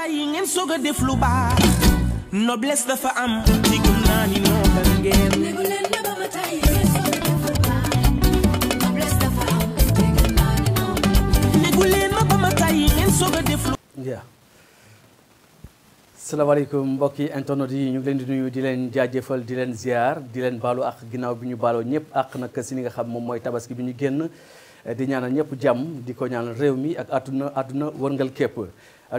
gars yi dafa am ci gëm naa mbokki internet yi ñu ngi leen di nuyu di leen jaajëfal di leen ziar di leen baalu ak ginnaaw bi ñu baaloo ñëpp ak nag si li nga xam moom mooy tabaski bi ñu génn di ñaanal ñëpp jàmm di ko ñaanal réew mi ak àdduna àdduna wërngal képp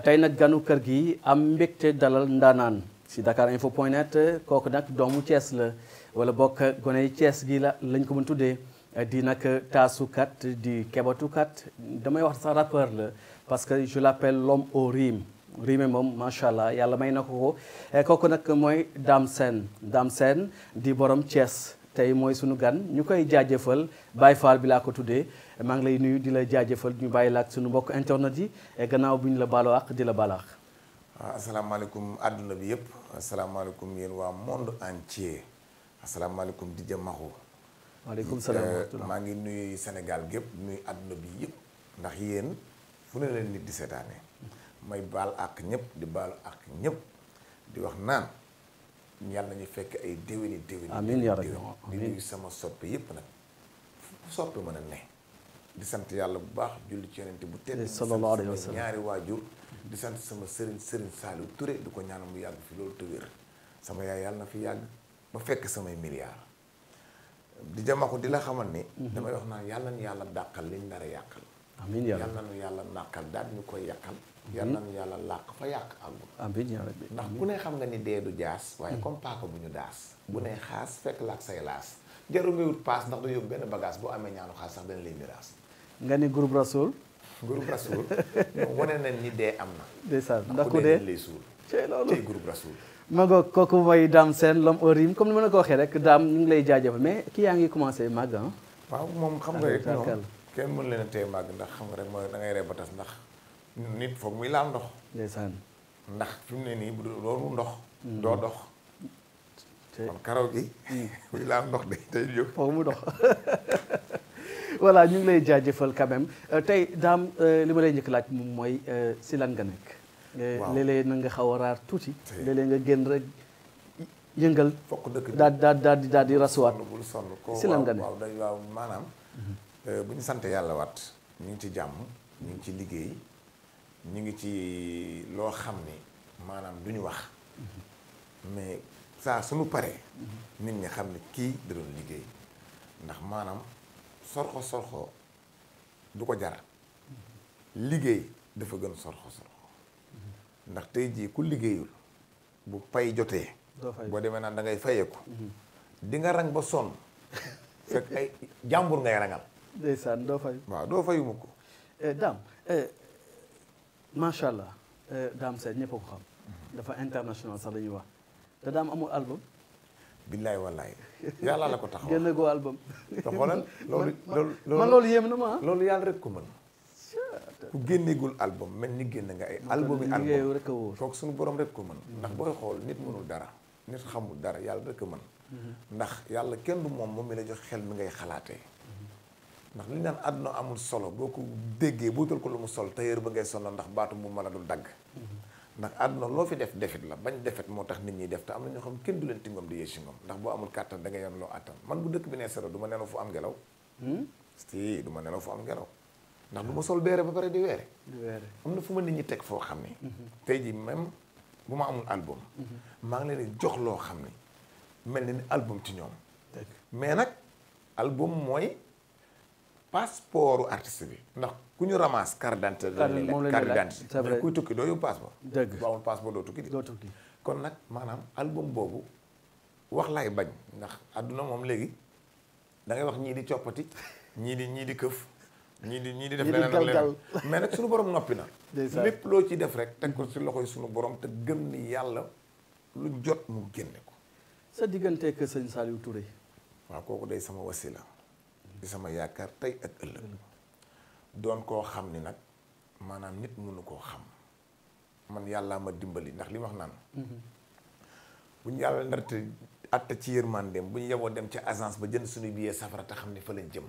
tey nag ganu kër gi am mbégte dalal ndaanaan si Dakar Info point net kooku nag doomu cees la wala bokk gone cees gi la lañ ko mën tuddee di nag taasukat di kebatukat damay wax sax rappeur la parce que je l'appelle l'homme au rime rime moom macha allah yàlla may na ko ko kooku nag mooy Dame Sène Dame seen di borom Thiès tey mooy sunu gan ñu koy jaajëfal Baye Fall bi laa ko tuddee maa ngi lay nuyu di la jaajëfal ñu bàyyi la ak suñu mbokk internet yi gannaaw bi ñu la baaloo ak di la baalaax. Ah, waaw asalaamaaleykum àdduna bi yëpp asalaamaaleykum yéen waa monde entier asalaamaaleykum Didier Makhou. Euh, maa ngi nuyu senegal gépp nuyu àdduna bi yëpp ndax yéen fu ne leen nit di seetaanee may baal ak ñëpp di baal ak ñëpp di wax naan yàlla nañu fekk ay déwéni déwéni amiin yaa rabbi di nuyu sama soppe yëpp nag soppe mën a ne di sant yàlla bu baax julli ci yonente bu tele sallallahu alayhi wa sallam ñaari waajur di sant sama sëriñ sëriñ Saliou Touré di ko ñaan mu yàgg fi loolu te sama yaay yàlla na fi yàgg ba fekk samay milliards di jama ko di la xamal ni mhm. damay wax naa yàlla nu yàlla dàqal liñ dara yàqal amiin yàlla nu yàlla nàqal daal ñu koy yàqal mhm. yàlla nu yàlla làq fa yàq àggul amiin ndax ku ne xam nga ni dee du jaas waaye mhm. comme paaka bu ñu daas bu ne xaas fekk laak say laas jaru ngay wut paas ndax du yóbbu benn bagage boo amee ñaanu xaas sax dana lay miraas nga ni groupe Rasoul. groupe Rasoul ñoom wane nañ ni dee am na. ndeysaan ndax ku dee lay suul. cee loolu cee groupe Rasoul. ma kooku mooy Dame Sène l'homme au comme ni ma la ko waxee rek Dame ñu ngi lay jaajëfal mais kii yaa ngi commencé màgg ah. waaw moom xam nga rek kenn mën leen a téye màgg ndax xam nga rek mooy da ngay ree batas ndax nit foog muy laal ndox. ndeysaan. ndax fi mu ne nii bu doonu ndox. Mm. doo dox. kon karaw gi. Mm. muy laal ndox de tey jóg foog mu dox. voilà ñu ngi lay jaajëfal quand même euh, tey daam euh, li ma lay njëkk laaj moom mooy euh, si lan nga nekk. waaw na nga xaw a raar tuuti. léeg-léeg nga génn rek yëngal. fokk dëkk daal daal daal di daal di rasuwaat. si lan nga nekk waaw waaw maanaam. Mhm. bu ñu sant yàlla wat ñu ngi ci jàmm ñu ngi ci liggéey ñu ngi ci loo xam ni maanaam du ñu wax mhm. mais saa suñu paree. Mhm. nit ñi xam ne kii da doon liggéey ndax maanaam. sorxo sorxo du ko jar liggéey dafa gën sorxo sorxo ndax tey jii ku liggéeyul bu pay jotee boo demee naan da ngay fayeeku mhm. di nga rang ba sonn fekk ay jàmbur ngay rangal ndeysaan doo fay waaw doo fayu mukk eh, daam eh, macha allah eh, daam seet ñëpp ko xam mhm. dafa international sax lañuy ñuy wax te daam amul album billaay wallaay yàlla la ko taxaw génn ko album te xoolal loolu loolu man loolu yéem na ma loolu yàlla rek ko mën ku génneegul album mel ni génn nga ay album yi album rek a foog suñu borom rek ko mën ndax booy xool nit mënul dara nit xamul dara yàlla rek ko mën mhm. ndax yàlla kenn du moom moom mi la jox xel mi ngay xalaatee mhm. ndax li naan àdduna amul solo boo ko déggee boo bootal ko lu mu sol tailleur ba ngay sonal ndax baatu mu mën a dul dagg mhm. ndax àdduna loo fi def defit la bañ defet moo tax nit ñi def te am na ñoo xam kenn du leen tingom di yéesi ngoom ndax boo amul kàttan da nga yor loo àttan man bu dëkk bi ne sero du nelaw fu am ngelaw hmm? si du ma nelaw fu ngelaw ndax du ma sol beere ba pare di weere am na fu ma nit ñi teg foo xam ne hmm. tey ji même bu ma amul album hmm. maa ngi leen jox loo xam ne mel ni ni album ci ñoom mais nag album mooy passeport artiste bi ndax ku ñu ramasse carte d'identité carte d'identité kuy tukki doo yóbbu passeport dëgg bu amul passeport doo tukki di doo tukki kon nag maanaam album boobu wax laay bañ ndax àdduna moom léegi dangay wax ñii di coppati ñii di ñii di këf ñii di ñii di def leneen ak leneen mais nag suñu borom noppi na lépp loo ci def rek teg ko si yi sunu borom te gëm ni yàlla lu jot mu génne ko sa diggante ak sëñ Saliou Touré waaw kooku day sama wasila di sama yaakaar tey ak ëllëg doon koo xam ni nag maanaam nit mënu koo xam man yàllaa ma dimbali ndax lim wax naan mm-hmm. bu ñu yàlla ndarte atta ci yërmandeem bu ñu yeboo dem ca agence ba jënd suñu billet safara te xam ne fa lañ jëm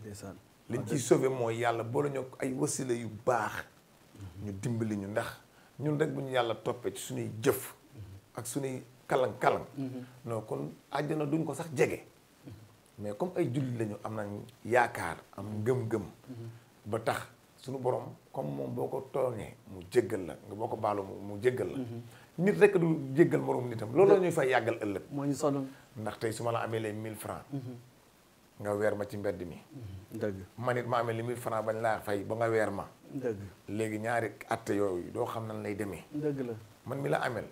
ndeysaan liñ ciy sauvé mooy yàlla boole ñu ay wasila yu baax ñu dimbali ñu ndax ñun rek bu ñu yàlla toppee ci suñuy jëf mm-hmm. ak suñuy kalang-kalang mm-hmm. non kon àjjana duñ ko sax jege mais comme ay jullit lañu am nañ yaakaar am ngëm-ngëm ba tax suñu borom comme moom boo ko tooñee mu jéggal la nga boo ko baalu mu jëggal la mm-hmm. nit rek du jéggal moroom nitam loolu la ñuy fay yàggal ëllëg moo ñu sonal ndax tey su ma la amee leen mille francs mm-hmm. nga weer ma ci mbedd mi mm-hmm. dëgg man ma amee les mille francs bañ laa fay ba nga weer ma dëgg léegi ñaari atte yooyu doo xam nan lay demee dëgg la man mi la amel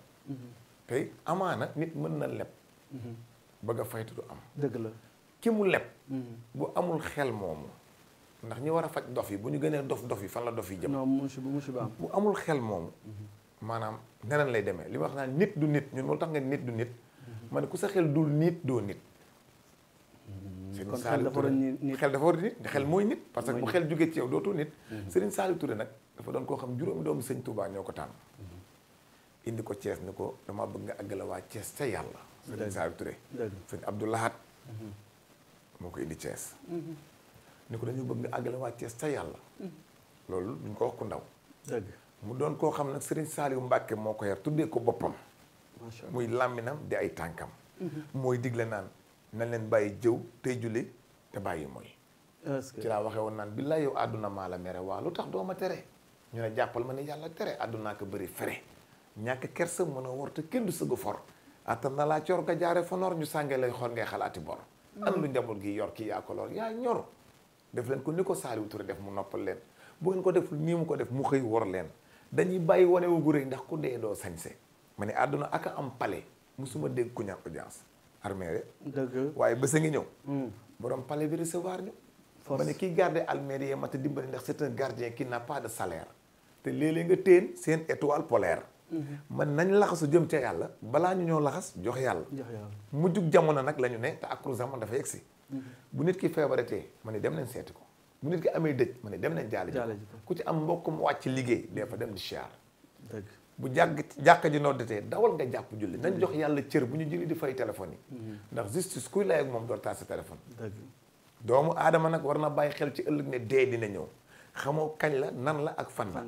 tey amaana nit mën na leb bëgg a faytu du am dëgg la ki mu leb bu amul xel moomu ndax ñi war a faj dof yi bu ñu gënee dof dof yi fan la dof yi jëm. non musiba musiba am bu amul xel moomu. maanaam neneen lay demee li ma wax naa nit du nit ñun moo tax nga nit du nit. ma ne ku sa xel dul nit doo nit. Hmm. kon xel dafa war nit xel dafa war xel mooy nit. Hmm. parce que bu xel jógee ci yow nit. Hmm. Serigne Saliou Touré nag dafa doon koo xam juróomi doomu Sëñ Touba ñoo ko tànn. indi ko Thiès ni ko damaa bëgg nga àggale waa Thiès ca yàlla. Serigne Saliou Touré. Serigne Abdou Lahat moo ko indi Thiès. ni ko dañu bëgg nga àggale waa Thiès sa yàlla. loolu duñ ko wax ku ndaw. dëgg mu doon koo xam nag Serigne Saliou Mbacke moo ko yar tuddee ko boppam. macha allah muy làmminam di ay tànkam. Mhm. mooy digle naan na leen bàyyi jëw tey julli te bàyyi mooy. ci laa waxee woon naan billaay yow àdduna maa la mere waa lu tax doo ma tere. ñu ne jàppal ma ne yàlla tere àddunaa ko bëri fere. ñàkk kersa mën a wor te kenn du sëgg for. attan na laa coor nga jaare fa noor ñu sàngee lay xool ngay xalaati bor. Mhm. am lu njaboot gi yor kii yaa ko lor yaa def leen ko ni ko Saliou Touré def mu noppal leen bu ngeen ko def nii mu ko def mu xëy wor leen dañuy bàyyi wane wu guré ndax ku dee doo sañse ma ne àdduna ak am palais musuma dégg ku audience armée waaye bés a ngi ñëw hmm. borom pale bi recevoir ñu ma ne kii garde almairie mata dimbali ndax c'est un gardien qui n'a pas de salaire te léeg nga téen seen étoile polaire hmm. man nañ laxasu jëm ca yàlla balaa ñu ñoo laxas jox yàlla mujjug jamono nag la ñu ne ak zaman dafa yegsi bu nit ki feebaratee ma ne dem nañ seeti ko bu nit ki amee dëj ma ne dem nañ jaale ji ku ci am mbokk mu wàcc liggéey dee fa dem di siyaar bu jàgg jàkka ji noddatee dawal nga jàpp julli nañ jox yàlla cër bu ñu julli di fay téléphone yi mhm. ndax justice kuy la ak moom door taal sa téléphone doomu aadama nag war na bàyyi xel ci ëllëg ne dee dina ñëw xamoo kañ la nan la ak fan la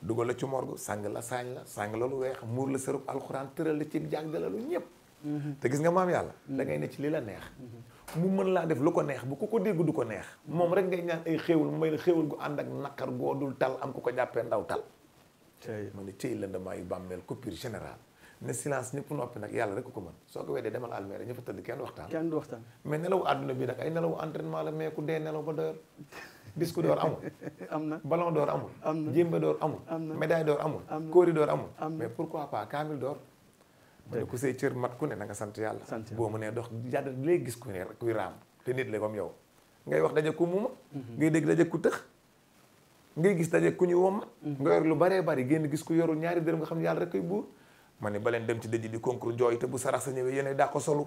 dugal la ci morgu sàng la saañ la sàng la lu weex muur la sërub alxuraan tëral la ci jàgg la lu mhm. gis nga maam yàlla mhm. ci li la neex mu mën laa def lu ko neex bu ku ko dégg du ko neex moom rek ngay ñaan ay xéewal may la xéewal gu ànd ak naqar goo dul tal am ku ko jàppee ndaw tal ma ne tey lëndamaa yu bàmmeel coupure générale ne silence ñëpp noppi nag yàlla rek ko mën soo ko demal almeere ñu fa tëdd kenn waxtaan kenn du waxtaan mais nelawu àdduna bi nag ay nelawu entraînement la mais ku dee nelaw ba doyal disque d'or amul am na ballon door amul am na jémbe d'or amul médaille d'or amul kóori d'or amul mais pourquoi pas kaamil door mu ku say cër mat ku ne na nga sant yàlla boo mu dox jàdd lee gis ku ne kuy raam te nit la comme yow ngay wax daje ku muuma mhm. ngay dégg daje ku tëx ngay gis daje ku ñu womma mhm. nga yor lu baree bari génn gis ku yoru ñaari dërëm nga xam yàlla rek koy buur ma ne baleen dem ci dëj di concours jooy te bu sarax sa ñëwee yéen daa ko solu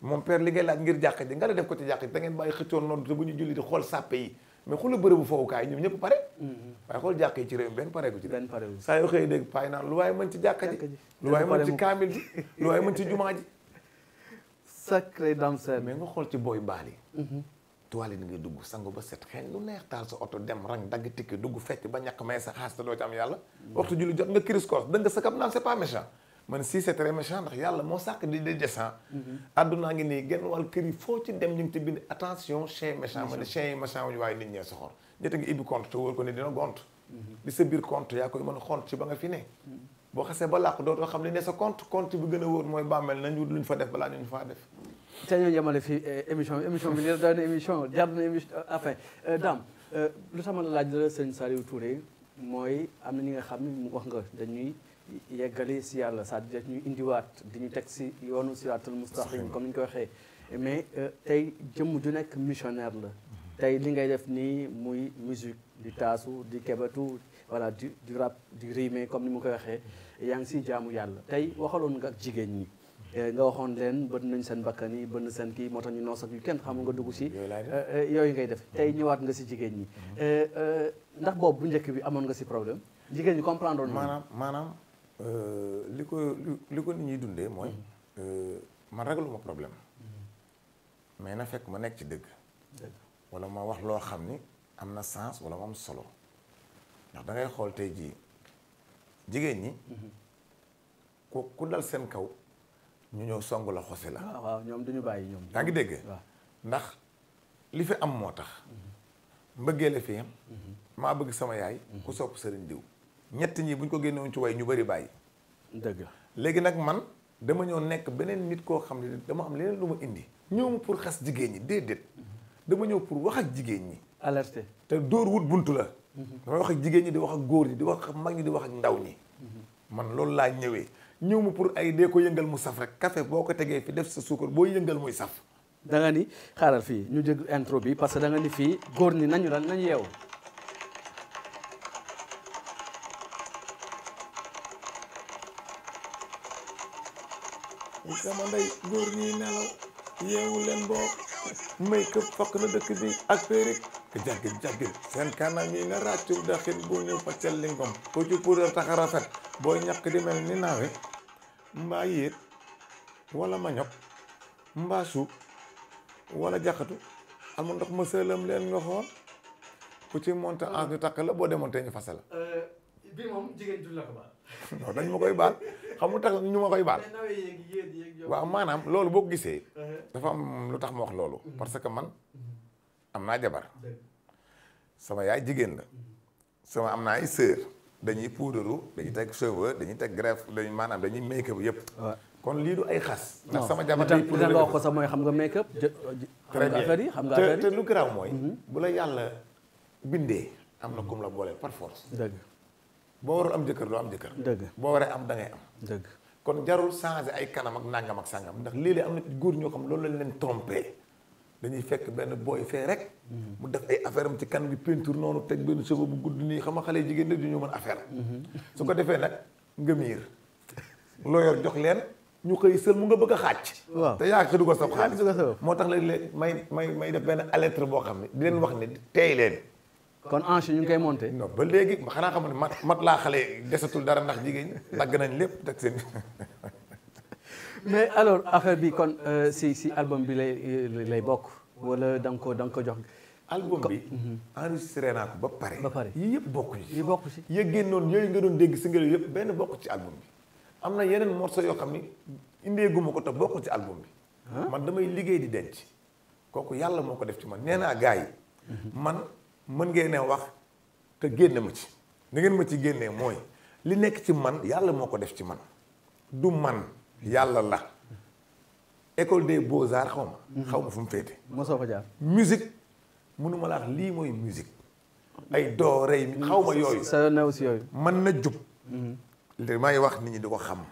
moom père li ngay laaj ngir jàq ji nga la def ko ci jàq ji da ngeen bàyyi xëccoon noonu te bu ñu julli di xool sàppe yi mais xula bërëbu fowukaay ñoom ñëpp pare mm-hmm. waaye xool jàkk yi ci réew mi benn pare gu ci benn pare saa yoo xëy dégg pay naan lu waaye mën ci jàkka ji lu waaye mën ci kaamil ji lu waaye mën ci nga xool ci booy mbaal yi mm-hmm. toile ni nga dugg sangu ba set xeeñ lu neex taal sa oto dem rang dagg tikki dugg fecc ba ñàkk may sa xaas te doo ci am yàlla mm-hmm. waxtu julli jot nga kiris koos da nga sa kam naan c'est pas méchant man si c'est très méchant ndax yàlla moo sàkk di di descend addunaa ah. mm-hmm. ngi nii genn wàll kër foo ci dem ñu ngi ci bind attention chien méchant ma ne chien yi méchant wu ñu waaye nit ñee soxor ñetta ngi ibbi compte te wóor ko ne dina gont mm-hmm. di sa biir compte yaa koy mën a xont ci ba nga fi ne mm-hmm. boo xasee ba làqu dootoo xam ne ne sa compte compte bu gën a wóor mooy bàmmeel nañ wut luñ fa def balaa ñu faa def te ñoo yemale fii eh, émission bi émission bi li doon émission jar na émission euh, enfin euh, Dame euh, lu tax ma la laaj la Serigne Saliou Touré mooy am na ñi nga xam wax nga dañuy yeggali si yàlla c'est-à-dire ñu indiwaat di ñu teg si yoonu siraatul mustaqim comme ni ñu ko waxee mais euh, tey jëmm ju nekk missionnaire la tey li ngay def nii muy musique di taasu di kebetu voilà di du rap du rime comme ni mu koy waxee yaa ngi si jaamu yàlla tey waxaloon nga ak jigéen ñi euh, nga waxoon leen bët nañ seen bakkan yi bët na seen kii moo tax ñu noos ak yu kenn xamul nga dugg si yooyu euh, ngay def tey ñëwaat nga si jigéen ñi mm-hmm. ndax boobu njëkk bi amoon nga si problème Euh, li ko li ko nit ñuy dundee mooy mm-hmm. euh, man ragaluma problème mm-hmm. mais na fekk ma nekk ci dëgg wala ma wax loo xam ni am na sens wala ma am solo ndax dangay xool tey jii jigéen ñi mm-hmm. ku ku dal seen kaw ñu ñëw song la xosi la ah, waaw ñoom duñu bàyyi ñoom yaa ngi dégg ndax li fi am moo tax mbëggee la fi maa bëgg sama yaay ku sopp sëriñ diw ñett ñi bu ñu ko génnewoon ci way ñu bëri bàyyi. dëgg léegi nag man dama ñëw nekk beneen nit koo xam ne dama am leneen lu ma indi. ñëw ma pour xas jigéen ñi déedéet. dama ñëw pour wax ak jigéen ñi. alerté te dóor wut buntu la. Mhm. damay wax ak jigéen ñi di wax ak góor ñi di wax mag ñi di wax ak ndaw ñi. Mhm. man loolu laa ñëwee. ñëw ma pour ay dee ko yëngal mu saf rek kafe boo ko tegee fi def sa suukar boo yëngal muy saf. da nga ni xaaral fii ñu dégg intro bi parce que da nga ni fii góor ñi nañu lan nañu yeewu. sama ndey góor ñii nelaw yeewu leen boo may këpp fakk na dëkk bi ak périk jaggit jaggit seen kanam yi na ràccul daxit bu ñu paccal lingom ku ci puudar tax a rafet booy ñàkk di mel ni naawe mbaa yéet wala mañok mbaa suub wala jaxatu amul ndox ma sëlam leen nga xool ku ci monte en ñu takk la boo demoon te ñu fase la euh, bii moom jigéen du la ko baal dañ ma koy baal xam lu tax ñu ma koy baal waaw maanaam loolu boo gisee uh-huh. dafa am lu tax ma wax loolu mm-hmm. parce que man mm-hmm. am naa jabar sama yaay jigéen la mm-hmm. sama am naa ay sœur dañuy puudaru dañuy teg cheveux dañuy teg greffe dañuy maanaam dañuy make-up yëpp kon lii du ay xas ndax sama jabar day puudaru nga wax ko sax mooy xam nga make-up xam nga affaire te lu garaaw mooy bu la yàlla bindee am na kum la booleel par force boo warul am jëkkër doo am jëkkër. dëgg boo waree am da am. dëgg kon jarul changer ay kanam ak nangam ak sangam ndax lii léeg am na góor ñoo xam loolu lañ leen trompé dañuy fekk benn booy fee rek. Mhm. mu def ay affaire am ci kan bi peinture noonu teg benn cheveux bu gudd nii xam nga xale jigéen di ñu mën affaire. Mhm. su ko defee nag nga miir loo yor jox leen. ñu xëy sël mu nga bëgg a xaaj. waaw te yaa du ko sab moo tax léeg-léeg may may may def benn alerte boo xam ne di leen wax ne tey leen. kon hanche ñu ngi koy monté. non ba léegi xanaa xam ne mat mat laa xale desatul dara ndax jigéen ñi dagg nañ lépp teg seen. mais alors affaire bi kon euh, si si album bi lay lay bokk wala da nga ko da ko jox. album bi mhm. enregistré naa ko ba pare. ba pare yii yëpp bokk ci. bokk ci yéen génnoon yooyu nga doon dégg single yëpp benn bokk ci album bi. am na yeneen morceau yoo xam ni indeeguma ko te bokk ci album bi. man damay liggéey di denc. kooku yàlla moo ko def ci man nee naa gars yi. Mhm. man. mën ngeen a wax te génne ma ci ni ngeen ma ci génnee mooy li nekk ci man yàlla moo ko def ci man du man yàlla la école de beaux arts xaw ma xaw ma fu mu féete mosoo fa jaar musique mënuma laa wax lii mooy musique ay doorey xaw ma yooyu sa new si yooyu mën na jub li may wax nit ñi di ko xam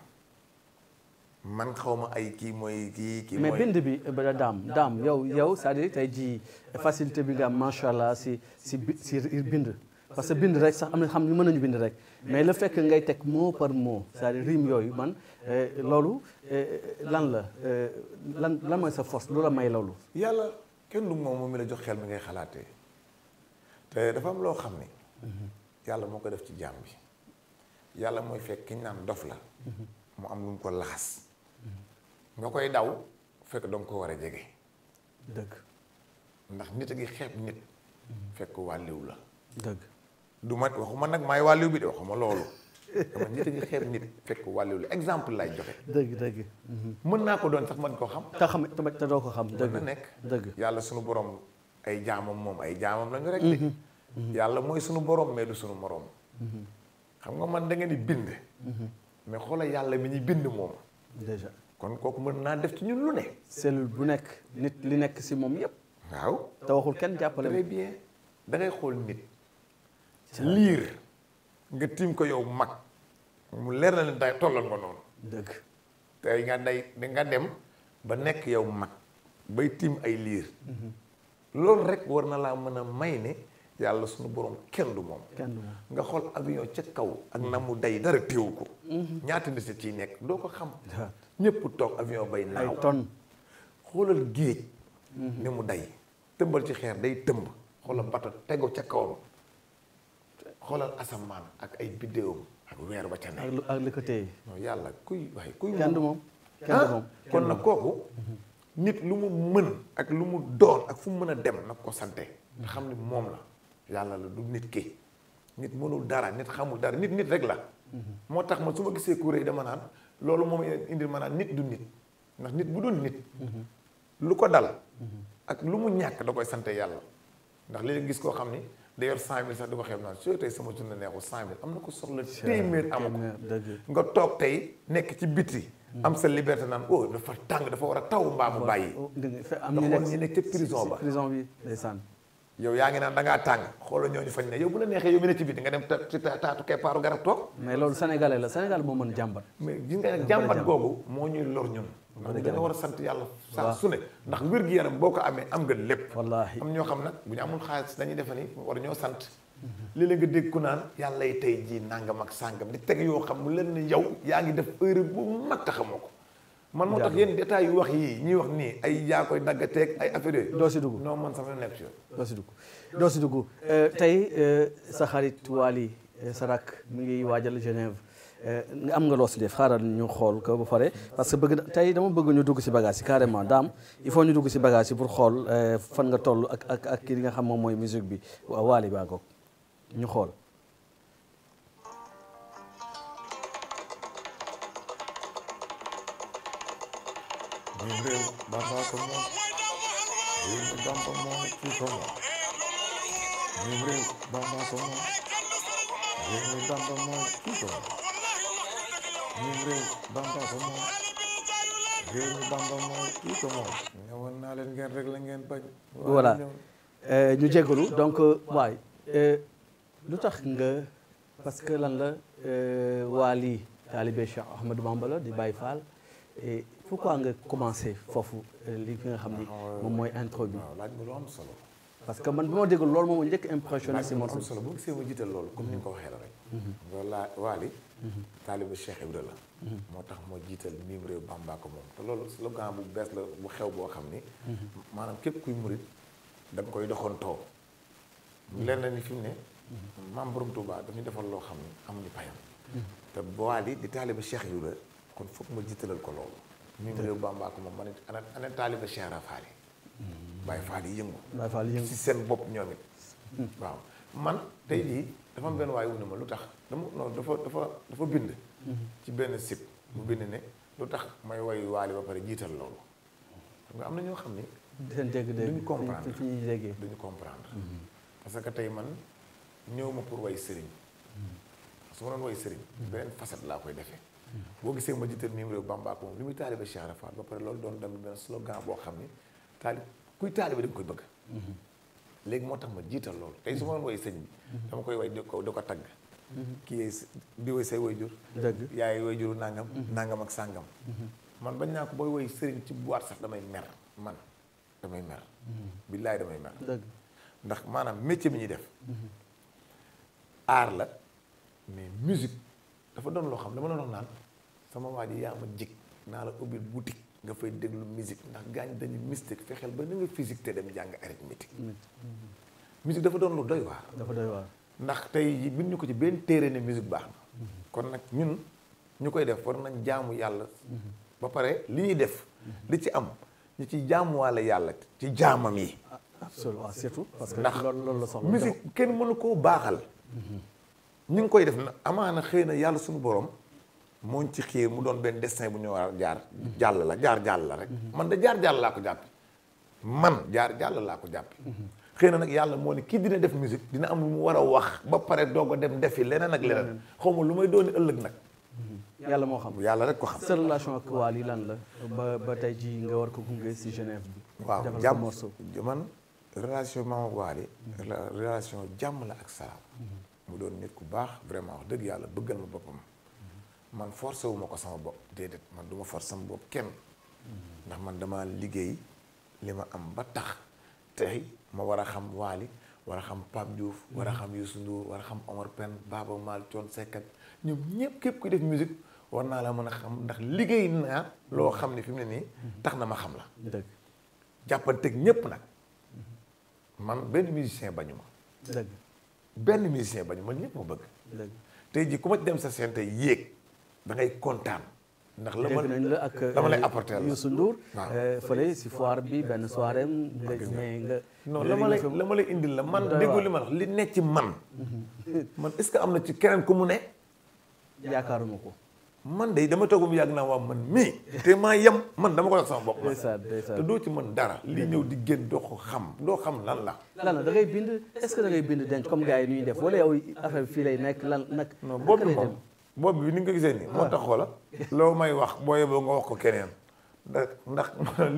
man xaw ma ay kii mooy kii. kii mooy bind bi eh, ba daam daam yow yow saa à tey jii facilité bi nga am macha allah si si si bind. parce que bind rek sax am na xam ni mën nañu bind rek mais la fait ngay teg mot par mot cest yooyu man eh, loolu eh, lan la lan lan mooy sa force lu may loolu. yàlla kenn du moom moom mi la jox xel mi ngay xalaatee te dafa am loo xam ne. Mhm. yàlla moo ko def ci jaam bi yàlla mooy fekk ki ñu naan dof la. Mhm. mu am lu mu ko laxas. nga koy daw fekk danga ko war a jege. dëgg. ndax nit a ngi xeeb nit. Mhm. fekk wàlliw la. dëgg. du ma waxuma nag maay wàlliw bi de waxuma loolu. dama nit a ngi xeeb nit fekk wàlliw la exemple lay joxe. dëgg dëgg. Mhm. mën naa ko doon sax man koo xam. te xam te doo ko xam. dëgg na nekk dëgg. yàlla sunu borom ay jaamam moom ay jaamam lañu rek de. Mhm. yàlla mooy sunu borom mais du sunu morom. xam nga man da ngeen di bind. mais xoolal yàlla mi ñuy bind moom. kon kooku mën naa def ci ñun lu ne. cellule bu nekk nit li nekk si moom yëpp. waaw te waxul kenn jàppale. très dangay xool nit. liir nga tiim ko yow mag. mu leer na leen day tollal nga noonu. dëgg. tey nga dem ba nekk yow mag. bay tiim ay liir. Mhm. loolu rek war na laa mën a may ne yàlla suñu borom kenn du moom. kenn du moom nga xool avion ca kaw. ak na mu day dara téew ko. Mhm. ñaata nit ci nekk doo ko xam. ñëpp toog avion bay naaw tonn xoolal géej ni mu day tëbal ci xeer day tëmb xoolal bato tego ca kawam xoolal asamaan ak ay biddéewam ak weer ba ca nekk ak li ko téye yàlla kuy waaye kuy ah, kenn du moom kon nag kooku nit lu mu mën ak lu mu doon ak fu mu mën a dem nag ko sante nga xam ne moom la yàlla la du nit ki nit mënul dara nit xamul dara nit nit rek la mhm. moo tax ma su ma gisee kuréel dama naan loolu moom indi maanaam nit du nit ndax nit bu doon nit lu ko dal ak lu mu ñàkk da koy sante yàlla ndax léegi gis koo xam ni da yor cent mille sax di ko xeeb naan soo tey sama journée neexul cent mille am na ko soxla téeméer amu ko nga toog tey nekk ci biti am sa liberté naan oh dafa tàng dafa war a taw mbaa mu bàyyi am ñu nekk ci prison ba prison bi yow yaa ngi naan da ngaa tàng xoola ñooñu fañ ne yow bu la neexee yow mi ne ci biti nga dem ci taatu keppaaru garab toog mais loolu sénégalais la sénégal moo mën jàmbat mais gis nga nag jàmbat googu moo ñuy lor ñun ndax da nga a sant yàlla saa su ne ndax wér gi yaram boo ko amee am nga lépp wallaahi am ñoo xam nag bu ñu amul xaalis dañuy defe ni war ñoo sant léeg-léeg nga dégg ku naan yàlla tey jii nàngam ak sàngam di teg yoo xam mu leen ne yow yaa ngi def heure bu mag taxamoo ko man moo tax yéen détails wax yii ñuy wax nii ay yaa koy teg ay affaire yooyu. doo si dugg non man sama nekk si. doo si dugg doo si dugg euh, tey euh, sa xarit Waly euh, sa rakk mu ngi waajal Genève nga am nga loo si def xaaral ñu xool ko ba pare parce que bëgg tey dama bëgg ñu dugg si bagage yi carrément daam il faut ñu dugg si bagage yi pour xool fan nga toll ak ak ak ki nga xam moom mooy musique bi waaw Waly baa ko ñu xool. Min réew Bamba ko moom réew mi Bamba moom fii ko moom Bamba ko moom réew mi Bamba moom fii ko moom Bamba ko moom réew mi Bamba moom fii ko moom la ngeen bañ donc euh, waay euh, lu tax nga parce que lan la euh, waa lii taalibe Cheikh Ahmadou Bamba la di Baye pourquoi nga commencé foofu euh, li nga xam ni moom mooy intro bi. laaj nga lu am solo. parce que man bi ma dégg loolu moom njëkk impressionné si morceau. am solo bu gisee ma jiital loolu comme ni nga ko mhm. mhm. mhm. moo tax moo jiital miim réew Bamba ko moom te loolu slogan bu bees la bu xew boo xam ni. maanaam képp kuy murit da nga koy doxantoo. lenn ni fi mu ne. maam Borom Touba dañu defal loo xam ni amuñu payam. te Waly di taalibu yu la kon foofu ma jiitalal ko loolu. mim réew Bambacounda ma ne ana ana taaliba Cheikh Ibra Fall yi Baye Fall yi yëngu Baye Fall yëngu si seen bopp ñoom waaw man tey jii dafa am benn waay wu ma lu tax dama non dafa dafa dafa bind ci benn site mu bind ne lu tax may woy waali ba pare jiital loolu xam nga am na ñoo xam ni seen dégg-dégg duñu comprendre duñu comprendre mhm. parce que tey man ñëw ma pour way sëriñ su ma doon way sëriñ beneen facette laa koy defee boo gisee ma jiital mim réew Bamba ak moom li muy taalibe Cheikh Ibra Fall ba pare loolu doon dem benn slogan boo xam ne taalib kuy taalibe da nga koy bëgg mhm. léegi moo tax ma jiital loolu tey su ma doon way sëñ bi mhm. dama koy way di ko ko tagg mhm. ki yee di way say way jur dëgg yaay way juru nàngam nàngam ak sàngam man bañ naa ko booy way sëriñ ci boîte sax damay mer man damay mer billaay damay mer ndax maanaam métier bi ñuy def aar la mais musique dafa doon loo xam dama doon wax naan sama waa ji yaa ma jig naa la ubbil boutique nga fay déglu musique ndax gaañ dañu mystique fexeel ba ni nga physique te dem jàng arithmétique. Mm-hmm. musique dafa doon lu doy waar. dafa doy waar ndax tey bind ñu ko ci benn téere ne musique baax na. Mm-hmm. kon nag ñun ñu koy def war nañ jaamu yàlla. Mm-hmm. ba pare li ñuy def. li ci am ñu ci jaamuwaale yàlla ci jaamam yi. Ah, absolument surtout parce que loolu la soxla musique kenn mënu koo baaxal. ñu ngi koy def na amaana xëy na yàlla suñu borom mooñ ci xiir mu doon benn destin bu ñu war a jaar jàll la jaar jàll la rek man da jaar jàll laa ko jàppi man jaar jàll laa ko jàppi xëy na nag yàlla moo ne kii dina def musique dina am lu mu war a wax ba pare doog a dem defi leneen ak leneen xaw ma lu may dooni ëllëg nag yàlla moo xam yàlla rek ko xam sa relation ak Wally lan la ba ba tey ji nga war ko gunge si Genève bi waaw jàmm man relation maam ak Wally relation jàmm la ak salaam mhm. mu doon nit ku baax vraiment wax dëgg yàlla bëggal ma boppam man forcé wu ma ko sama bopp déedéet man du ma force sama bopp kenn ndax man dama liggéey li ma am ba tax te ma war a xam Waly war a xam Pape Diouf war a xam Youssou war a xam Omar Pène Baba Maal Thione sekkat ñoom ñëpp képp ku def musique war naa la mën a xam ndax liggéey naa loo xam ne fi mu ne nii tax na ma xam la jàppanteeg ñëpp nag man benn musicien bañu benn musicien bañu man ñëpp ma bëgg. tey jii ku ma dem sa seen tey yéeg da ngay kontaan. ndax la ma la ak la ma lay euh, apporté la Youssou Ndour. si euh, foire bi benn soirée am. nga non la ma lay la ma lay indil la man déggoo li ma li nekk ci man. Mhm. man est-ce que am na ci keneen ku mu ne. yaakaaruma ko. man de dama toog yàgg naa waa man mii te maa yem man dama ko wax sama bopp. ndeysaan ndeysaan te doo ci mën dara. li ñëw di génn doo ko xam doo xam lan la. lan la da ngay bind est-ce que da ngay bind denc comme gars yi nu def wala yow affaire bi fii lay nekk lan nag. non boobu bi moom boobu bi ni nga gisee nii. moo tax xoola ah. loo may wax boo yeboo nga wax ko keneen. ndax ndax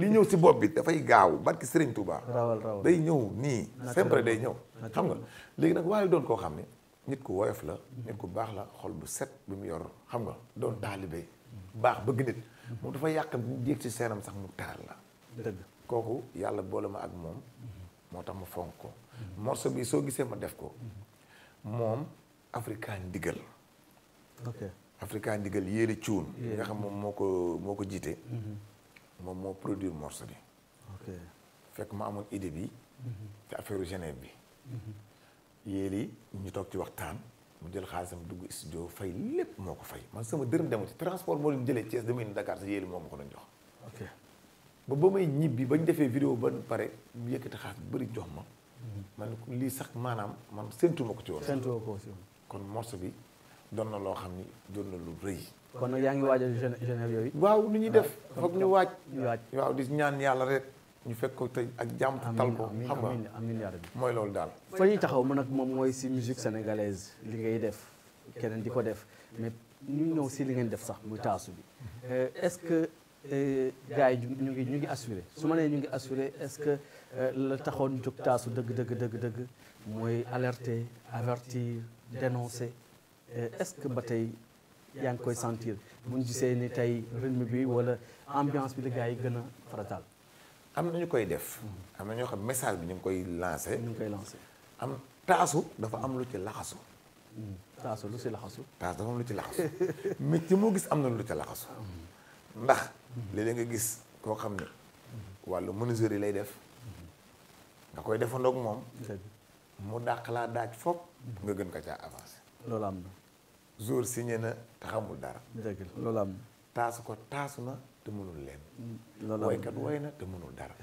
li ñëw si bopp bi dafay gaaw barki Serigne Touba. rawal rawal day ñëw nii. sempre day ñëw. xam nga léegi nag waaye doon koo xam ne. nit ku woyof la nit ku baax la xol bu set bi mu yor xam nga doon taalibe baax bëgg nit moom dafa yàqam ñu jéeg ci seenam sax mu taal la kooku yàlla boole ma ak moom moo tax ma fonk ko morceau soo gisee ma def ko moom africain ndigal ok africain ndigal yéeli cuun nga xam moom moo ko moo ko jiite moom moo produire morceau bi fekk ma amoon idée bi te affaire Genève bi yéeli ñu toog ci waxtaan mu jël xaalisam dugg studio fay lépp moo ko fay man sama dërëm demu ci transport moo leen jëlee Thiès dama indi Dakar sa yéeli moo ma ko doon jox ba ba may ñibbi bañ defee vidéo ba pare yëkkati xaalis bu jox ma man lii sax maanaam man séntu ko ci woon séntu ko ci kon morceau bi doon na loo xam ni doon na lu rëy kon nag waaw nu ñuy def ah, foog ah, ñu waaj waaw di ñaan yàlla rek ñu fekk ko tey ak jàmm tal ko xam nga mooy loolu daal. fa ñuy taxaw ma nag moom mooy si musique sénégalaise li ngay def keneen di ko def mais ñu ñëw si li ngeen def sax muy taasu bi euh, est-ce que euh, gars yi ñu ngi ñu ngi assuré su ma nee ñu ngi assuré est-ce que euh, la taxoon jóg taasu dëgg dëgg dëgg dëgg mooy alerter avertir dénoncer est-ce que ba tey yaa ngi koy sentir mu ñu gisee ni tey rythme bi wala ambiance bi la gars yi gën a farataal. am na ñu koy def. am na ñoo xam message bi ñu ngi koy lancé. ñu koy lancé am taasu dafa am lu ci laxasu. taasu lu ci laxasu. taasu dafa am lu ci laxasu métier moo gis am na lu ci laxasu. ndax léeg-léeg nga gis koo xam ne wàllu yi lay def nga koy defandoog moom. mu daq laa daaj foog nga gën ko caa avancé. loolu am na. jour signé na te dara. taasu ko taasu na. te mënul leen woykat woy na te mënul dara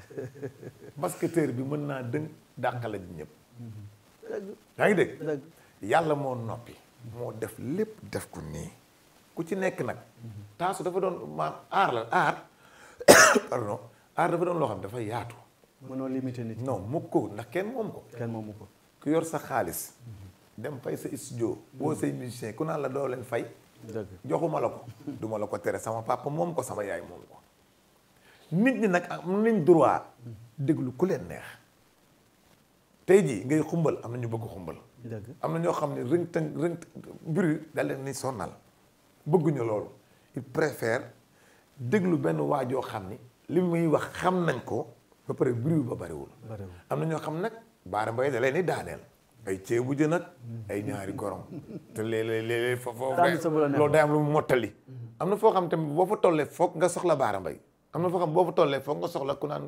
basketteur bi mën naa dëng dàqale ji ñëpp yaa ngi dégg yàlla moo noppi moo def lépp def ko nii ku ci nekk nag taasu dafa doon maam aar la aar pardon aar dafa doon loo xam dafa yaatu mënoo limité nit non mukk ko ndax kenn moom ko moomu ko ku yor sa xaalis dem fay sa studio woo say musicien ku naan la doo leen fay joxuma la ko duma la ko tere sama pàpp moom ko sama yaay moom ko nit ñi nag am nañ droit déglu ku leen neex tey jii ngay xumbal am na ñu bëgg xumbal am na ñoo xam ne rëng tëng rëng bruit da leen ni sonnal bëgguñu loolu il préfère déglu benn waajoo xam ni li muy wax xam nañ ko ba pare bruit ba bariwul am na ñoo xam nag baara mbay da leen ni daaneel ay ceebu jën ak ay ñaari gorom te léeg-léeg léeg-léeg fa foofu loolu day am lu mu mottali am na foo xam tamit boo fa tollee foog nga soxla baara mbay am na foo xam boo fa tollee foog nga soxla ku naan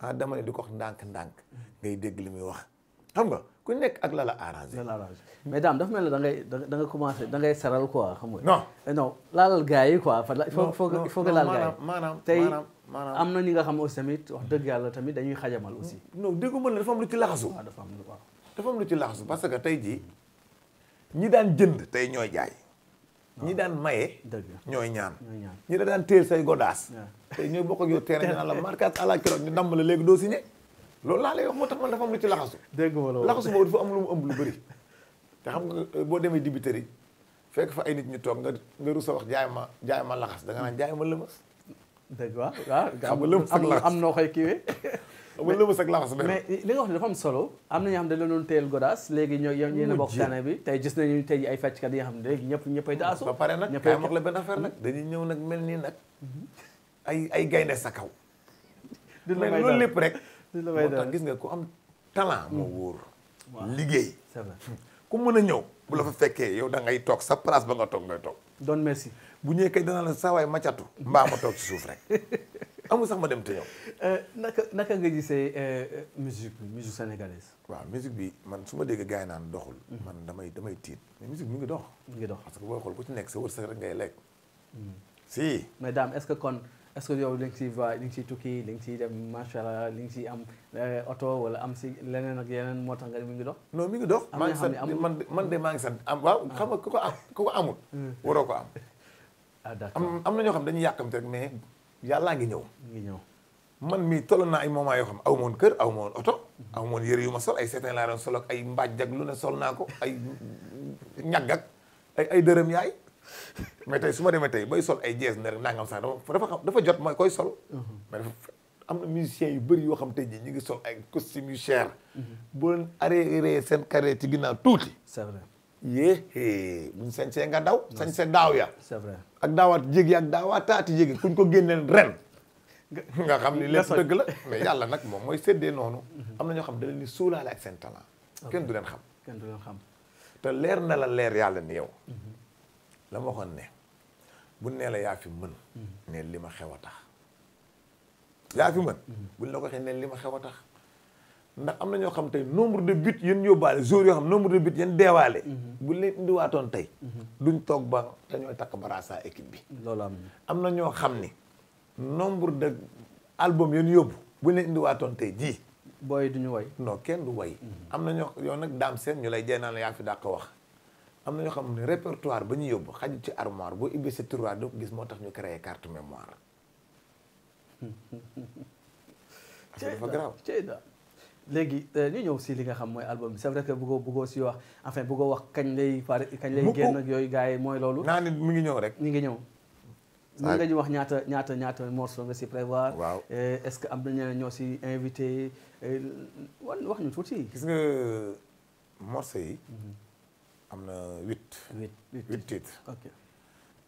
ah dama ne di ko wax ndànk xam la la arrangé mais daam da ngay da nga commencé da ngay saral quoi xam nga non eh non laalal gars yi quoi fa faut faut il faut que laal gars yi maanaam tey maanaam am na ñi nga xam aussi tamit wax dëgg yàlla tamit dañuy xajamal aussi non dégguma dafa am lu ci laxasu ah, dafa am lu ci laxasu parce que tey jii ñi daan jënd tey ñooy jaay. ñi daan maye. ñooy ñaan ñi da daan téel say godaas. tey ñooy bokk ak yow terrain ñu naan la marquage à la kilote ñu damm la léegi doo signé. loolu laa lay moo tax ma dafa am lu ci laxasu. dégg nga laxasu boobu dafa am lu mu ëmb lu bëri. te xam nga eh, boo demee dibiteri fekk fa ay nit ñu toog nga nga rusa wax jaay ma jaay ma laxas da nga naan jaay ma lëmas. dëgg waaw waaw. xam nga am ak am noo koy kiiwee. wala lëmas ak laxas mais li nga wax ne dafa am solo am na ñoo xam ne dañ doon teel godaas léegi ñoo yéen a bokk tànn bi tey gis nañu tey ay feccikat yi nga xam ne léegi ñëpp ñëppay daasu ba pare nag kaay wax la benn affaire nag mm-hmm. ñëw nag mel nii nag mm-hmm. ay ay gaynde sa kaw mais loolu lépp rek moo tax gis nga ku am talent moo mm-hmm. wóor liggéey ku mën a ñëw bu la fa fekkee yow da ngay toog sa place ba nga toog ngay toog don merci bu ñëwee kay dana la saa waay macatu mbaa ma toog suuf rek amul sax ma dem te ñëw. Euh, naka naka nga gisee euh, euh, musique bi musique sénégalaise. waaw musique bi man su ma déggee gars yi naan doxul. Mhm. man damay damay tiit mais musique mi ngi dox. mi ngi dox parce que booy xool ku ci nekk sa wërsëg rek ngay lekk. Mhm. si. mais Dame est-ce que kon est-ce que yow li nga ciy va li nga nga ciy dem macha allah li nga ciy am oto wala am si leneen yeneen moo tax nga mi ngi dox. non mi ngi dox. maa ngi sant man man de maa ngi sant am waaw ah. xam nga ku ko am ku ko mm. ko am. ah am am na ñoo xam dañuy yàkkamte rek mais. yàllaa ngi ñëw. ngi ñëw man mii tolloon naa ay moment yoo xam aw ma woon kër aw oto. aw ma yëre yu ma sol ay seetaan laa ay mbaaj ak lu ne sol naa ko ay ñàgg ak ay ay dërëm yaay. mais tey su ma demee tey bay sol ay jees ne rek nangam sax dafa dafa jot mooy koy sol. Mhm. mais am na musiciens yu bëri yoo xam tey jii ñu ngi sol ay costume yu cher. Mhm. boo leen arrêté seen carrière ci ginnaaw tuuti. c'est yéé buñ sañsee nga daw sañse daaw ya c'est vrai ak daawaat jéegi ak daawaataati jéegi kuñ ko génneel ren nga xam ni lépp dëgg la mais yàlla nag moom mooy seddee noonu mhm. am na ñoo xam da leen di suulaale ak seen talent kenn du leen xam kenn du leen xam te leer na la leer yàlla ni yow mhm. la ma waxoon ne bu nee la yaa fi mën mhm. ne li ma xew a tax yaa fi mën buñ la ko waxee ne li ma xew a tax ndax am na ñoo xam tey nombre de buts yéen yóbbaale joueurs yoo xam nombre de buts yéen deewaale. Mhm. bu leen indiwaatoon tey. Mhm. duñ toog ba dañoo takk barasa équipe bi. loolu am na ñoo xam ni nombre de album yéen yóbbu bu leen indiwaatoon tey jii. booy duñu way. non kenn du way. Mhm. am na ñoo yow nag daam lay jey naan la yaa fi dàq am na ñoo xam ne répertoire ba ñu yóbbu xaju ci armoire boo ubbee sa tiroir doo gis moo tax ñu créé carte mémoire. affaire dafa grave léegi euh, ñu ñëw si li nga xam mooy album bi c'est vrai que bëggoo bëggoo si wax enfin bëggoo wax kañ lay pare kañ lay génn ak yooyu gars yi mooy loolu naa nit mu ngi ñëw rek mi ngi ñëw mën nga ñu wax ñaata ñaata ñaata morceau nga si prévoir waaw euh, est-ce que am na ñeneen ñoo si invité euh, wan wax ñu tuuti gis nga morceau yi mhm. am na huit huit huit titres ok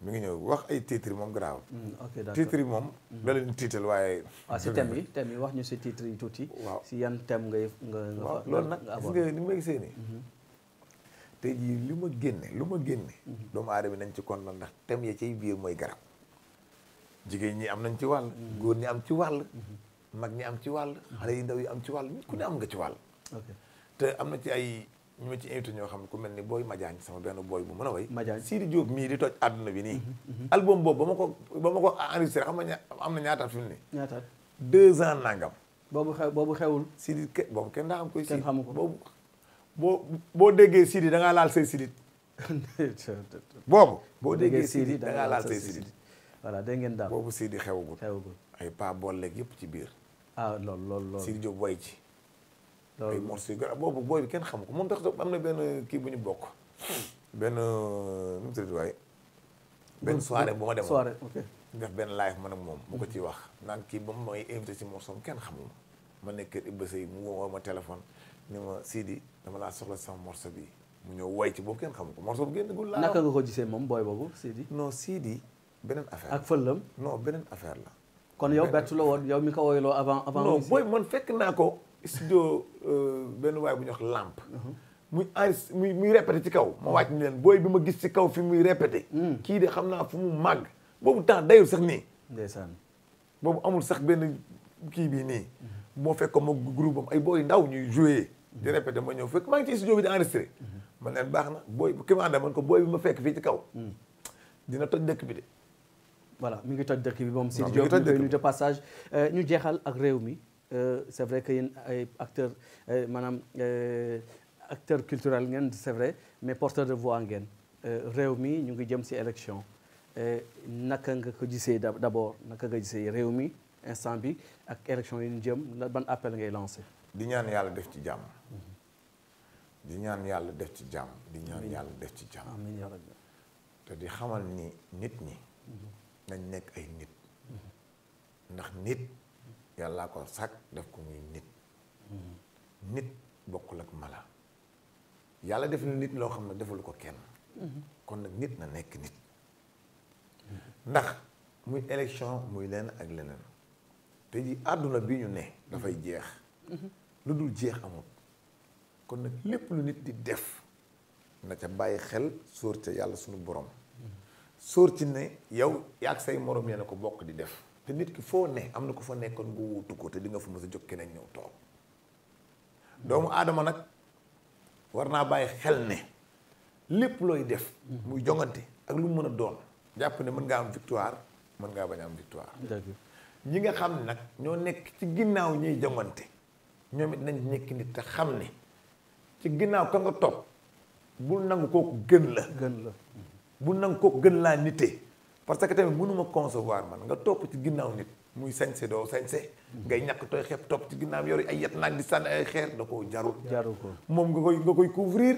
mu ngi ñëw wax ay titres moom grave. Mm, ok d'accord titres yi moom. Mm. da tiital waaye. waaw ah, si thème yi thème yi wax ñu si titres yi tuuti. waaw si yan thème ngay nga nga. waaw loolu nag gis nga ni ma gisee nii. Mm-hmm. tey jii li ma génne lu ma génne. Mm-hmm. doomu aadama nañ ci kon na ndax tem ya ciy biir mooy garab. jigéen ñi am nañ ci wàll. Mm-hmm. góor ñi am ci wàll. mag ñi am ci wàll. xale yi ndaw yi am ci wàll ku ne am nga ci wàll. te am na ci ay ñu ma ci invité ñoo xam ne ku mel ni booy Madiagne sama benn booy bu mën a way Madiagne Sidi Diop mii di toj àdduna bi nii mhm, mhm. album boobu ba ma ko ba ma ko enregistré xam nga am na ñaataat fi mu ne ñaataat deux ans nangam boobu xew boobu xewul Sidi boobu kenn daa xam koy kenn xamu ko boobu boo boo déggee Sidi da laal say Sidi boobu boo déggee Sidi da ngaa laal say Sidi voilà dégg ngeen daal boobu Sidi xewagul xewagul ay pas bool leeg yëpp ci biir ah loolu loolu loolu Sidi Diop way ci ay morceaux yu garaaw boobu booy bi kenn xamu ko moom tax am na benn kii bu ñu bokk benn nu mu tudd waay benn soirée bu ma demoon soirée ok def benn live man ak moom mu ko ci wax naan kii ba mu may invité si morceau kenn xamul ma nekk kër Ibba Sey mu woo ma téléphone ni ma Sidi dama laa soxla sama morceau bi mu ñëw woy ci boobu kenn xamul ko morceau bu génn gul laa naka nga ko gisee moom booy boobu Sidi non Sidi beneen affaire ak fëllam non beneen affaire la kon yow bettu la woon yow mi ko woyloo avant avant non booy man fekk naa ko studio euh, benn waay bu ñuy wax lamp muy enris muy muy ci kaw ma wàcc ni leen booy bi ma gis ci kaw fi muy répété hmm. kii de xam naa fu mu màgg boobu temps dayul sax nii ndeysaan boobu amul sax benn kii bii nii moo fekk ma groupe am ay booy ndaw ñuy joué di répété ma ñëw fekk maa ngi ci studio bi di enregistré man leen baax na booy ki ma àndal man ko booy bi ma fekk fii ci kaw hmm. dina toj dëkk bi de voilà mu ngi toj dëkk bi moom Sidy Diop ñu de passage euh, ñu jeexal ak réew mi Euh, c'est vrai que yéen ay acteur maanaam euh, acteur culturel ngeen c'est vrai mais porteur de voix ngeen euh, réew mi ñu ngi jëm ci élection naka nga ko gisee d'abord naka nga gisee réew mi instant bi ak élection yi ñu jëm la ban appel ngay lancé di ñaan yàlla def ci jàmm mm-hmm. di ñaan yàlla def ci jàmm di ñaan yàlla def ci jàmm te di xamal nii nit ñi mm-hmm. nañ nekk ay nit mm-hmm. ndax nit yàllaa ko sàkk def ko muy nit nit bokkul ak mala yàlla def na nit loo xam ne deful ko kenn kon nag nit na nekk nit ndax muy élection muy lenn ak leneen te ji àdduna bi ñu ne dafay jeex lu dul jeex amul kon nag lépp lu nit di def na ca bàyyi xel sóor ca yàlla sunu borom sóor ci ne yow yaag say moroom yéen a ko bokk di def te nit ki foo ne am na ko fa nekkoon gu wuutu ko te di nga fa mës a jóg keneen ñëw toog doomu aadama nag war naa bàyyi xel ne lépp looy def. muy jongante ak lu mu mën a doon. jàpp ne mën ngaa am victoire mën ngaa bañ a am victoire. ñi nga xam ne nag ñoo nekk ci ginnaaw ñuy jongante ñoom it nañ nekk nit te xam ne ci ginnaaw ka nga topp bul nangu kooku gën la. gën la bul nangu kooku gën laa nite. parce que tamit mënuma concevoir man nga topp ci ginnaaw nit muy sañse doo sañse ngay ñàkk tooy xepp topp ci ginnaaw yor ay yet naag di sànni ay xeer da koo jarul jarul ko moom nga koy nga koy couvrir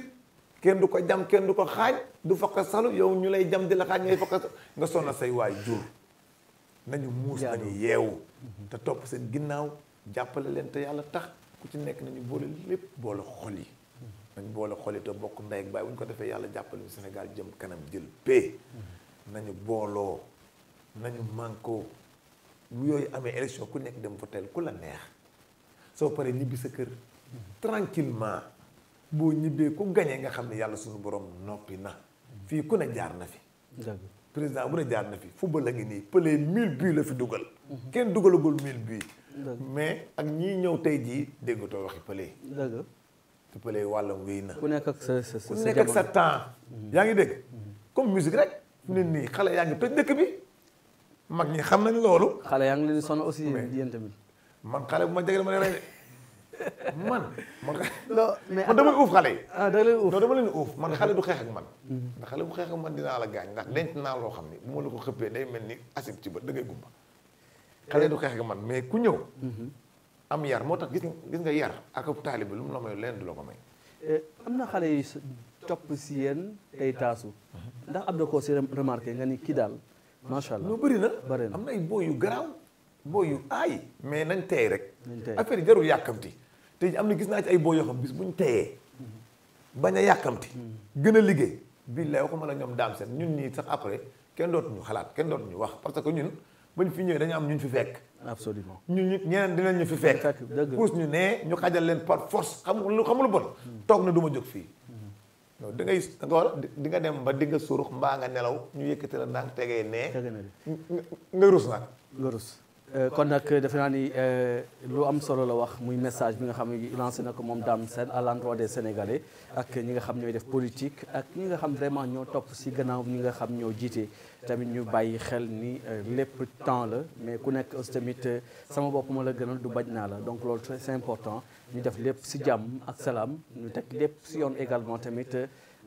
kenn du ko jam kenn du ko xaaj du fakka salu yow ñu lay jam di la xaaj ngay nga sonna say waay jur nañu muus nañu yeewu te topp seen ginnaaw jàppale leen te yàlla tax ku ci nekk nañu boole lépp boole xol yi nañ boole xol yi te bokk ndey ak baay bu ko defee yàlla jàppale bu Sénégal jëm kanam jël paix nañu booloo nañu mànkoo yooyu amee élection ku nekk dem votel ku la neex soo paree ñibbi sa kër tranquillement boo ñibbee ku gañee nga xam ne yàlla suñu borom noppi na fii ku ne jaar na fi président bu ne jaar na fi football la ngi nii pëlee mille buts la fi dugal mhm. kenn dugalagul mille buts mais ak ñii ñëw tey jii déggatoo waxi pëlee te pëlee wàllam wéy na ku nekk ak sa temps mhm. yaa ngi dégg mhm. comme musique rek fu ne nii xale yaa ngi tëj dëkk bi mag ñi xam nañ loolu. xale yaa ngi leen di sonn aussi yéen tamit. man xale bu ma jege ma ne rek man. man man damay uuf xale yi. ah da leen uuf non dama leen uuf man xale du xeex ak man. Mhm. ndax bu xeex man dinaa la gaañ ndax denc naa loo xam ni bu ma la ko xëppee day mel ni asib ci bët da ngay gumba xale du xeex ak man mais ku ñëw. Mhm. am yar moo tax gis nga gis yar ak ab lu la may leen du ko may. Eh, am na xale yu topp si yéen tey taasu ndax am na koo si remarqué nga ni kii daal macha allah lu bëri na bëri na am na ay booy yu garaaw booy yu aay mais nañ tey rek affaire yi jarul yàkkamti te am na gis naa ci ay booy yoo xam bu ñu teyee bañ a yàkkamti mhm. gën a liggéey billaay waxuma la ñoom daam seen ñun ñii sax après kenn dootuñu xalaat kenn dootuñu wax parce que ñun bañ fi ñëwee dañu am ñun fi fekk absolument ñu ñu ñeneen dinañ ñu fi fekk puus ñu nee ñu xajal leen par force xam lu xam lu bon mhm. toog na du ma jóg fii non da ngay di nga dem ba di nga surux mbaa nga nelaw ñu yëkkati la ndànk tegee nee. nga rus nag. nga rus euh, kon nag euh, defe naa ni euh, lu am solo la wax muy message bi nga xam ne lancé na ko moom daam seen à l'endroit des Sénégalais ak ñi nga xam ñooy def politique ak ñi nga xam vraiment ñoo topp si gannaaw ñi nga xam ñoo jiite tamit ñu bàyyi xel ni lépp temps la mais ku nekk tamit sama bopp ma la gënal du bañ naa la donc loolu c'est important. ñu def lépp si jàmm ak salaam ñu teg lépp si yoon également tamit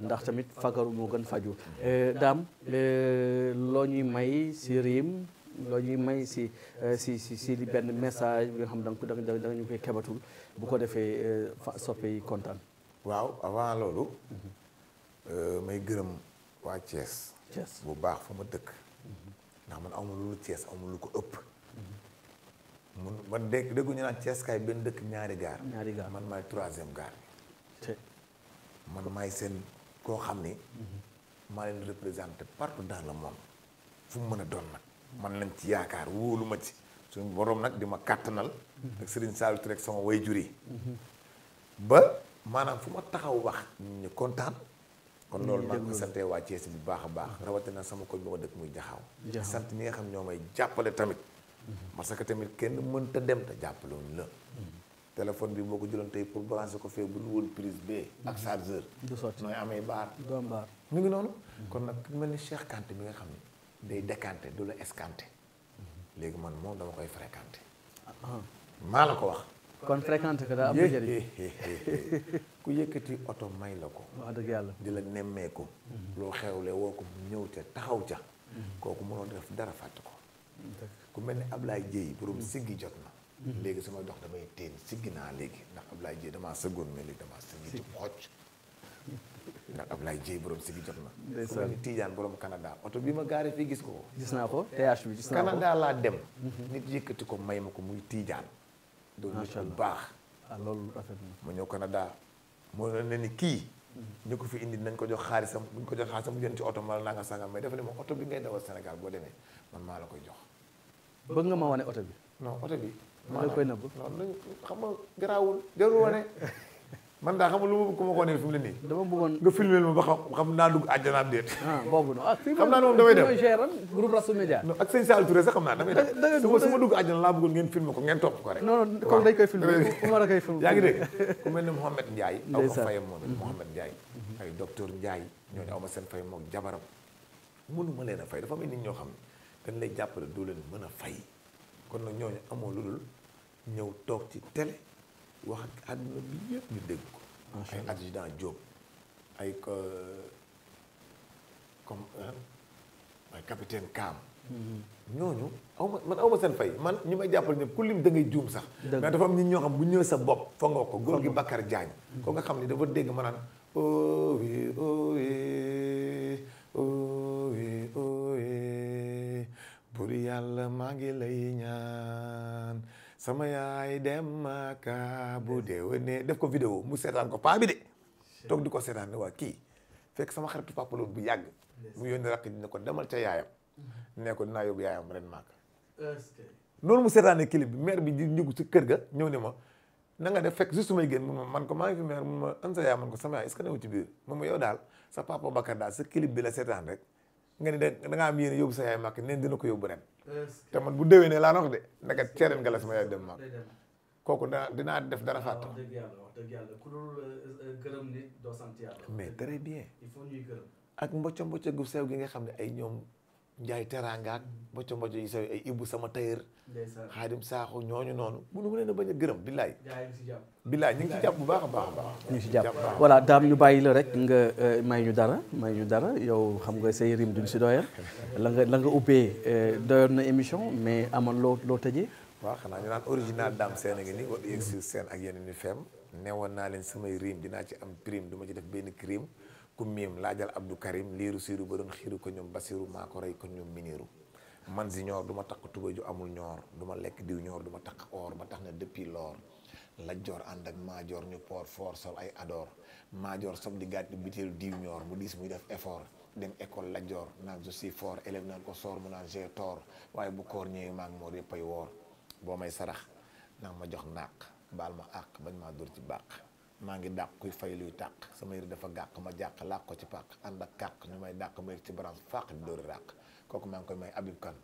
ndax tamit fagaru moo gën faju euh, daam euh, loo ñuy may si riim loo ñuy may si si si si li benn message bi nga xam da nga da nga ñu koy kebatul bu ko defee euh, soppe yi kontaan. waaw avant loolu. Mhm. may gërëm waa Thiès. bu baax fa ma dëkk. ndax man amul lu Thiès amul lu ko ëpp. mun man dégg déggu ñu naan Cees kaay benn dëkk ñaari gaar. ñaari gaar man maay troisième gaar bi. man maay seen koo xam ni. Mhm. maa leen représenté partout dans le moom fu mu mën a doon nag. man lañ ci yaakaar wóolu ma ci. suñu borom nag di ma kàttanal. Mhm. ak Serigne Saliou Touré sama way jur mhm. ba maanaam fu ma taxaw wax ñu kontaan. kon loolu maa ngi koy sante waa Cees bu baax a baax. rawatina sama koñ ba ma dëkk muy jaxaw. sant ñi nga xam ñoo may jàppale tamit. parce que tamit kenn mënta dem te jàppaloon la. téléphone bi boo ko jëloon tey pour brancher ko fee bu lu woon prise B. ak mm-hmm. chargeur. du sotti nooy amee baar. du am baar mi ngi noonu. Mm-hmm. kon nag mel ni Cheikh Kanté bi nga xam ne day décanté du la escanté. Mm-hmm. léegi man moom dama koy fréquenté. Ah. maa la ko wax. kon fréquenté ko daa am njëriñ ku yëkkati oto may la ko. wax dëgg yàlla di la nemmee ko. loo xewle woo ko ñëw ca taxaw ca. kooku mënoo def dara fàtte ko. ku mel ni ab Ablaye Dieye borom mm. siggi jot na mm. léegi suma jox damay teen siggi naa léegi ndax Ablaye Dieye damaa sëggoon mais léegi damaa siggi ci xocc ndax Ablaye Dieye borom siggi jot na ku mel ni Tidiane borom Canada oto bi ma gaare fii gis ko ko gis naa ko TH bi gis laa dem mm-hmm. nit yëkkati ko may ma ko muy Tidiane doon nit bu baax ah, loolu rafet na ma ñëw Canada moo ne ni kii mm-hmm. ñu ko fi indi nañ ko jox xaalisam buñ ko jox xaalisam mu jën ci oto ma la naa nga sàngam mais dafa ne oto bi ngay dawal senegal boo demee man maa la koy jox bëgg nga ma wane oto bi. non oto bi. maa ngi koy nga garaawul jarul wane. man daa xam nga lu ma ku ma ko wane fi mu ne nii. dama ba xam xam naa dugg àjjana ah, ah, xam naa ne moom damay dem groupe Rasu Média. non ak sëñ Sall Touré sax xam naa damay dem. su ma su ma dugg àjjana laa bëggoon ngeen filmé ko aw ma fayam moom it mhm. Mouhamed mhm. ay docteur Ndiaye ñooñu aw ma seen fayam moom jabaram mënu ma leen a fay dafa am nit ñoo xam ne dañ lay jàppale doo leen mën a fay kon na ñooñu amoo lu dul ñëw toog ci télé wax ak àdduna bi yëpp ñu dégg ko. ay adjudant Diop ay comme euh, capitaine Kaam. Mm-hmm. ñooñu aw ma man aw ma seen fay man ñu may jàppale ñëpp ku lim dangay ngay juum sax. mais dafa am ñi ñoo xam bu ñëwee sa bopp fangoo ko góor gi Bakar Diagne. Mm-hmm. ko nga xam ne dafa dégg ma naan. oh bur yàlla maa ngi lay ñaan sama yaay dem Maka bu déwénee def ko vidéo mu seetaan ko paa bi de toog di ko seetaan ne waa kii fekk sama xaritu papa loolu bu yàgg mu yónni rakk dina ko demal ca yaayam ne ko dinaa yóbbu yaayam ren Maka noonu mu seetaane clip bi maire bi di ñëw ci kër ga ñëw ne ma na nga def fekk juste may génn mun ma man ko maa ngi fi maire mun ma an sa yaay man ko sama yaay est-ce que newu ci biir yow daal sa papa Bakar daal sa bi la seetaan rek nga ni de da am yéene yóbbu sa yaay màkk neen dina ko yóbbu ren te man bu déwénee laa wax de ndaka ceereen nga la sama yaay dem màkk kooku da dinaa def dara fàtte wax dëgg yàlla wax dëgg yàlla ku dul euh, gërëm nit doo sant mais très bien il faut ñuy gërëm ak mbocco mbocco gu sew gi nga xam ne ay ñoom Njaay Teraangaak mbocco mbocco yi sa ay Ibou sama tailleur Xaadim Saaxo ñooñu noonu mënu ma leen a bañ a gërëm billaay billaay ñu ngi ci jàpp bu baax a baax baax ñu ngi ci jàpp voilà daam ñu bàyyi la rek nga euh, may ñu dara may ñu dara yow xam nga say rim duñ si doyal la nga la nga ubbee euh, doyoon na émission mais amoon loo loo tëjee waaw xanaa ñu naan original Dame Sène ngi ni wa yegg si seen ak yeneen i fem newoon naa leen samay rim dinaa ci am prime du ma ci def benn crime kummiim laajal Abdou Karim liiru siiru ba doon xiiru ko ñoom basiru maa ko rey ko ñoom miniru man si ñoor du ma takk tuba ju amul ñoor du lekk diw ñoor du ma takk or ba tax na depuis loor la joor ànd ak maajoor ñu poor foor sol ay adoor maajoor sob di gàtt bitéelu diw ñoor mu diis muy def effort dem école la joor naan je suis fort élève naan ko soor mu naan j'ai tort waaye bu koor ñëwee maa ngi moo yëpp ay woor boo may sarax naan ma jox naaq baal ma àq bañ maa ci bàq maa ngi dàq kuy fay luy tàq sama yére dafa gàq ma jàq làq ko ci pàq ànd ak kàq ñu may dàq ma yëg ci branche fàq di dóori ràq kooku maa ngi koy may Habib Kane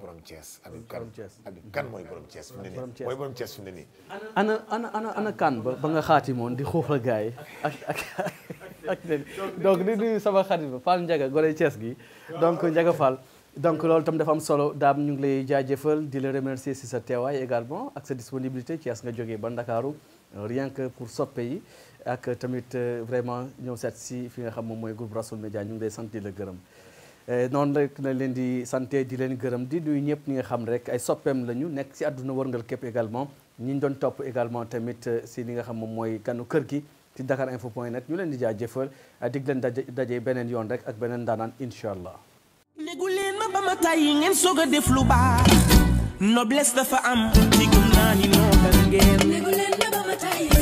borom Thiès Habib Kane Habib Kane mooy borom Thiès fi mu ne nii mooy borom Thiès fi mu ne ana ana ana ba ba nga xaati moon di xuuxal gars yi ak ak donc di nuyu sama xarit ba Fall Ndiaga cees gi donc Ndiaga Fall donc loolu tam dafa solo daam ñu ngi lay jaajëfal di la remercier si sa teewaay également ak sa disponibilité Thiès nga jógee ba Ndakaaru rien que pour soppe yi ak tamit euh, vraiment ñëw seet si fi nga xam moom mooy groupe Rasoul Média ñu ngi lay sant la gërëm euh, noonu rek na leen di santé di leen gërëm di nuyu ñëpp ñi nga xam rek ay soppeem la ñu nekk si àdduna wërngal képp également ñi ñu doon topp également tamit euh, si li nga xam moom mooy kanu kër gi ci dakar info point net ñu leen di jëfal jaajëfal dig leen daje daje beneen yoon rek ak beneen daanaan incha allah. néegu leen ma ba ma tàyyi ngeen soog a def lu baax noblesse tayé.